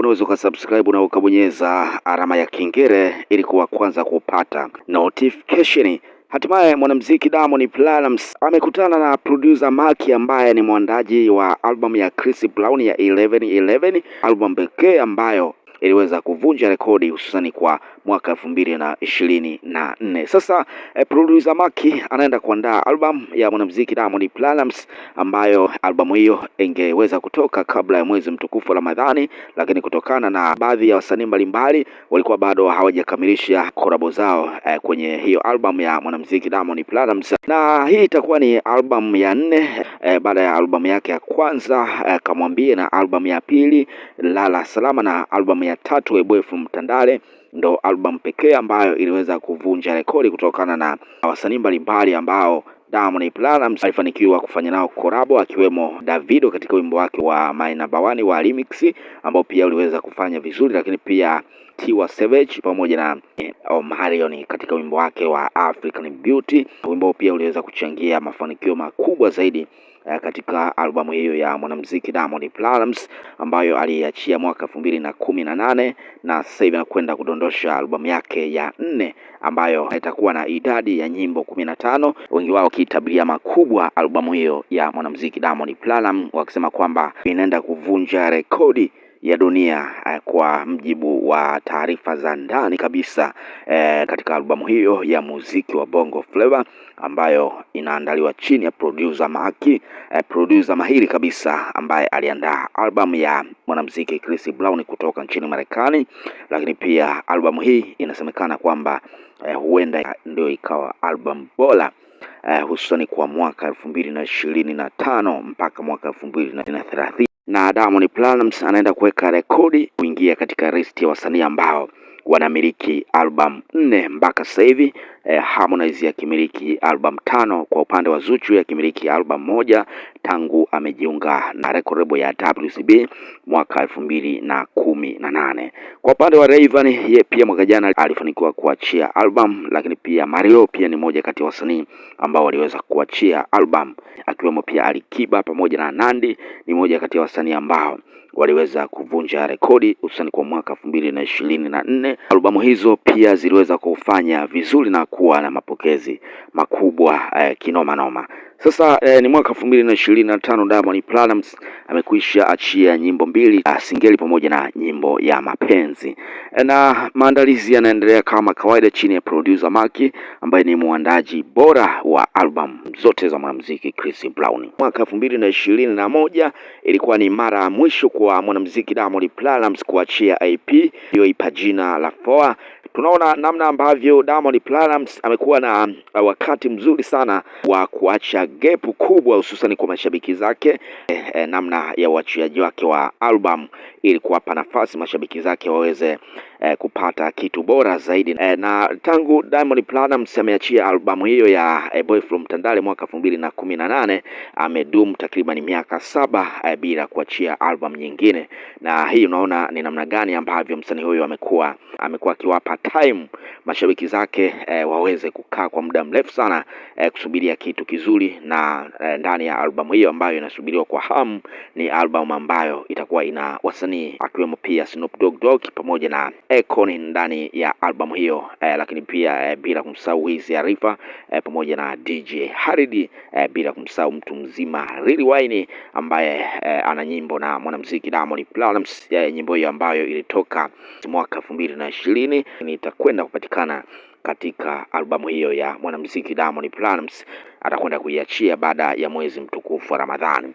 unaweza ukasubscribe na ukabonyeza alama ya kengele ili kuwa kwanza kupata notification. Hatimaye mwanamuziki Diamond Platnumz amekutana na producer Maki ambaye ni mwandaji wa albamu ya Chris Brown ya 1111 albamu pekee ambayo iliweza kuvunja rekodi hususani kwa mwaka elfu mbili na ishirini na nne. Sasa eh, producer Maki anaenda kuandaa albamu ya mwanamuziki Diamond Platnumz ambayo albamu hiyo ingeweza kutoka kabla ya mwezi mtukufu wa Ramadhani, lakini kutokana na baadhi ya wasanii mbalimbali walikuwa bado hawajakamilisha korabo zao eh, kwenye hiyo albamu ya mwanamuziki Diamond Platnumz, na hii itakuwa ni albamu ya nne eh, baada ya albamu yake ya kwanza eh, Kamwambie na albamu ya pili Lala Salama na albamu mia tatu Ebwefu Mtandale ndo albamu pekee ambayo iliweza kuvunja rekodi kutokana na wasanii mbalimbali ambao Diamond Platnumz alifanikiwa kufanya nao korabo akiwemo Davido katika wimbo wake wa My Number One wa remix ambao pia uliweza kufanya vizuri, lakini pia Tiwa Savage pamoja na eh, Omarion katika wimbo wake wa African Beauty. Wimbo pia uliweza kuchangia mafanikio makubwa zaidi Eh, katika albamu hiyo ya mwanamuziki Diamond Platnumz ambayo aliachia mwaka elfu mbili na kumi na nane na sasa hivi anakwenda kudondosha albamu yake ya nne ambayo itakuwa na idadi ya nyimbo kumi na tano, wengi wao wakiitabiria makubwa albamu hiyo ya mwanamuziki Diamond Platnumz wakisema kwamba inaenda kuvunja rekodi ya dunia eh, kwa mjibu wa taarifa za ndani kabisa eh, katika albamu hiyo ya muziki wa Bongo Flava ambayo inaandaliwa chini ya producer Maki, eh, producer mahiri kabisa ambaye aliandaa albamu ya mwanamuziki Chris Brown kutoka nchini Marekani, lakini pia albamu hii inasemekana kwamba eh, huenda ndio ikawa albamu bora eh, hususani kwa mwaka elfu mbili na ishirini na tano mpaka mwaka elfu mbili na thelathini na Diamond Platnumz anaenda kuweka rekodi kuingia katika listi ya wasanii ambao wanamiliki albamu nne mpaka sasa hivi eh, Harmonize yakimiliki album tano, kwa upande wa Zuchu yakimiliki album moja tangu amejiunga na record label ya WCB mwaka elfu mbili na kumi na nane. Kwa upande wa Rayvanny, ye pia mwaka jana alifanikiwa kuachia album, lakini pia Mario pia ni moja kati ya wasanii ambao waliweza kuachia album, akiwemo pia Alikiba pamoja na Nandi ni moja kati ya wasanii ambao waliweza kuvunja rekodi hususani kwa mwaka elfu mbili na ishirini na nne. Albamu hizo pia ziliweza kufanya vizuri na kuwa na mapokezi makubwa eh, kinoma noma. Sasa eh, ni mwaka elfu mbili na tano Diamond Platnumz amekwisha achia nyimbo mbili ah, singeli pamoja na nyimbo ya mapenzi eh, na maandalizi yanaendelea kama kawaida chini ya producer Maki ambaye ni mwandaji bora wa album zote za mwanamuziki Chris Brown. Mwaka elfu mbili na ishirini na moja ilikuwa ni mara ya mwisho kwa mwanamuziki Diamond Platnumz kuachia IP iliyoipa jina la tunaona namna ambavyo Diamond Platnumz amekuwa na uh, wakati mzuri sana wa kuacha gepu kubwa hususan kwa mashabiki zake e, namna ya uachiaji wake wa album ili kuwapa nafasi mashabiki zake waweze eh, kupata kitu bora zaidi eh, na tangu Diamond Platnumz ameachia albamu hiyo ya eh, Boy From Tandale mwaka elfu mbili na kumi na nane amedumu takriban miaka saba eh, bila kuachia album nyingine, na hii unaona ni namna gani ambavyo msanii huyo amekuwa amekuwa akiwapa time mashabiki zake eh, waweze kukaa kwa muda mrefu sana eh, kusubiria kitu kizuri na eh, ndani ya albamu hiyo ambayo inasubiriwa kwa hamu ni albamu ambayo itakuwa ina wasanii akiwemo pia Snoop Dogg Dogg pamoja na Econ ndani ya albamu hiyo eh, lakini pia eh, bila kumsahau hizi Arifa eh, pamoja na DJ Haridi eh, bila kumsahau mtu mzima Lil Wayne ambaye eh, ana nyimbo na mwanamuziki Diamond Platnumz eh, nyimbo hiyo ambayo ilitoka mwaka elfu mbili na ishirini itakwenda kupatikana katika albamu hiyo ya mwanamuziki Diamond Platnumz atakwenda kuiachia baada ya mwezi mtukufu wa Ramadhani.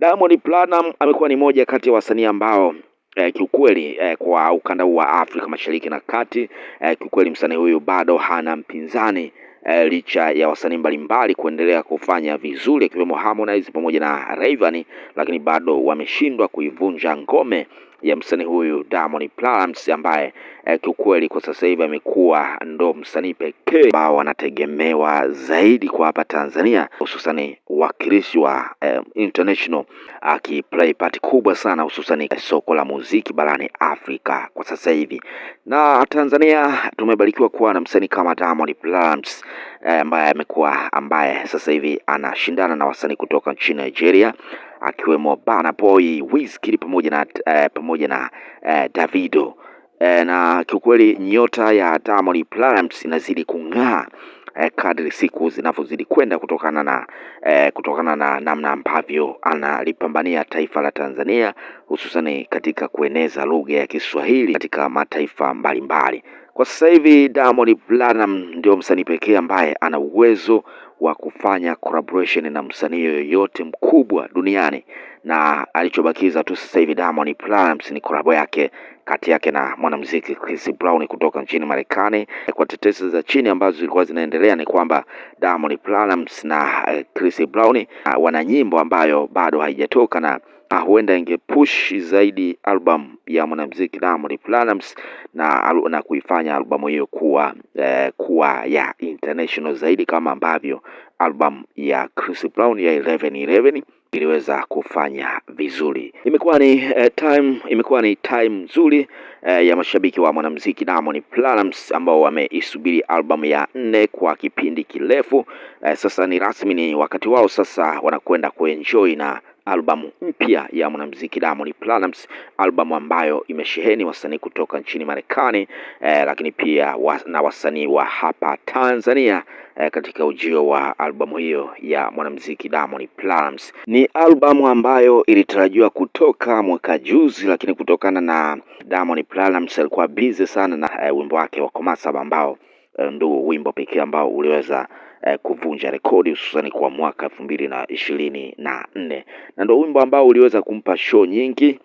Diamond Platnumz amekuwa ni moja kati ya wasanii ambao eh, kiukweli eh, kwa ukanda huu wa Afrika Mashariki na Kati eh, kiukweli msanii huyu bado hana mpinzani eh, licha ya wasanii mbalimbali kuendelea kufanya vizuri akiwemo Harmonize pamoja na Rayvanny, lakini bado wameshindwa kuivunja ngome ya msanii huyu Diamond Platnumz ambaye eh, kiukweli kwa sasa hivi amekuwa ndo msanii pekee ambao wanategemewa zaidi kwa hapa Tanzania, hususani wakilishi wa eh, international akiplay part kubwa sana hususani eh, soko la muziki barani Afrika kwa sasa hivi, na Tanzania tumebarikiwa kuwa na msanii kama Diamond Platnumz eh, ambaye amekuwa ambaye sasa hivi anashindana na wasanii kutoka nchini Nigeria akiwemo Burna Boy, Wizkid pamoja na eh, pamoja na eh, Davido eh, na kiukweli nyota ya Diamond Platnumz inazidi kung'aa eh, kadri siku zinavyozidi kwenda kutokana na eh, kutokana na namna ambavyo analipambania taifa la Tanzania hususani katika kueneza lugha ya Kiswahili katika mataifa mbalimbali Kwa sasa hivi Diamond Platnumz ndio msanii pekee ambaye ana uwezo wa kufanya collaboration na msanii yoyote mkubwa duniani, na alichobakiza tu sasa hivi Diamond Platnumz ni collab yake kati yake na mwanamuziki Chris Brown kutoka nchini Marekani. Kwa tetesi za chini ambazo zilikuwa zinaendelea ni kwamba Diamond Platnumz na eh, Chris Brown ah, wana nyimbo ambayo bado haijatoka na na ah, huenda ingepush zaidi albamu ya mwanamuziki Diamond Platnumz na, na kuifanya albamu hiyo kuwa uh, kuwa ya international zaidi kama ambavyo albamu ya Chris Brown ya 1111 iliweza kufanya vizuri. Imekuwa ni uh, time imekuwa ni time nzuri eh, ya mashabiki wa mwanamuziki Diamond Platnumz ambao wameisubiri albamu ya nne kwa kipindi kirefu sasa ni rasmi, ni wakati wao sasa wanakwenda kuenjoy na albamu mpya ya mwanamuziki Diamond Platnumz, albamu ambayo imesheheni wasanii kutoka nchini Marekani eh, lakini pia wa, na wasanii wa hapa Tanzania eh, katika ujio wa albamu hiyo ya mwanamuziki Diamond Platnumz. Ni albamu ambayo ilitarajiwa kutoka mwaka juzi, lakini kutokana na Diamond Platnumz alikuwa busy sana na eh, wimbo wake wa Komasa ambao eh, ndio wimbo pekee ambao uliweza eh, kuvunja rekodi hususani kwa mwaka elfu mbili na ishirini na nne na ndio wimbo ambao uliweza kumpa show nyingi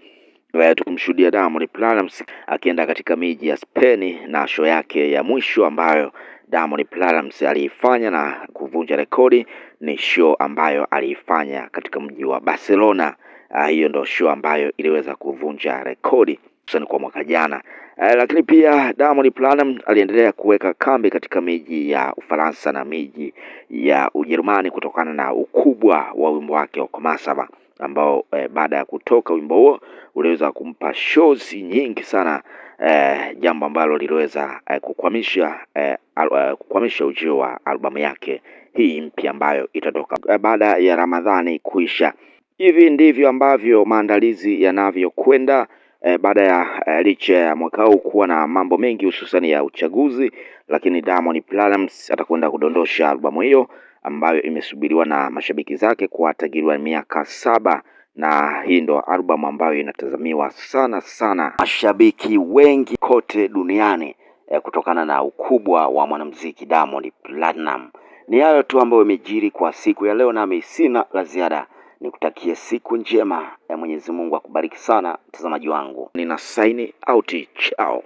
eh, tukimshuhudia Diamond Platnumz akienda katika miji ya Spain na show yake ya mwisho ambayo Diamond Platnumz aliifanya na kuvunja rekodi ni show ambayo aliifanya katika mji wa Barcelona. Uh, hiyo ndio show ambayo iliweza kuvunja rekodi hususani kwa mwaka jana. Uh, lakini pia Diamond Platinum aliendelea kuweka kambi katika miji ya Ufaransa na miji ya Ujerumani kutokana na ukubwa wa wimbo wake Okomasaba ambao eh, baada ya kutoka wimbo huo uliweza kumpa shows nyingi sana eh, jambo ambalo liliweza eh, kukwamisha eh, al, eh, kukwamisha ujio wa albamu yake hii mpya ambayo itatoka eh, baada ya Ramadhani kuisha. Hivi ndivyo ambavyo maandalizi yanavyokwenda e, baada ya e, licha ya mwaka huu kuwa na mambo mengi hususani ya uchaguzi, lakini Diamond Platnumz atakwenda kudondosha albamu hiyo ambayo imesubiriwa na mashabiki zake kwa takriban miaka saba na hii ndo albamu ambayo inatazamiwa sana sana mashabiki wengi kote duniani e, kutokana na ukubwa wa mwanamuziki Diamond Platnumz. Ni hayo tu ambayo imejiri kwa siku ya leo, nami sina la ziada nikutakie siku njema ya e, Mwenyezi Mungu akubariki sana mtazamaji wangu. Nina saini out chao.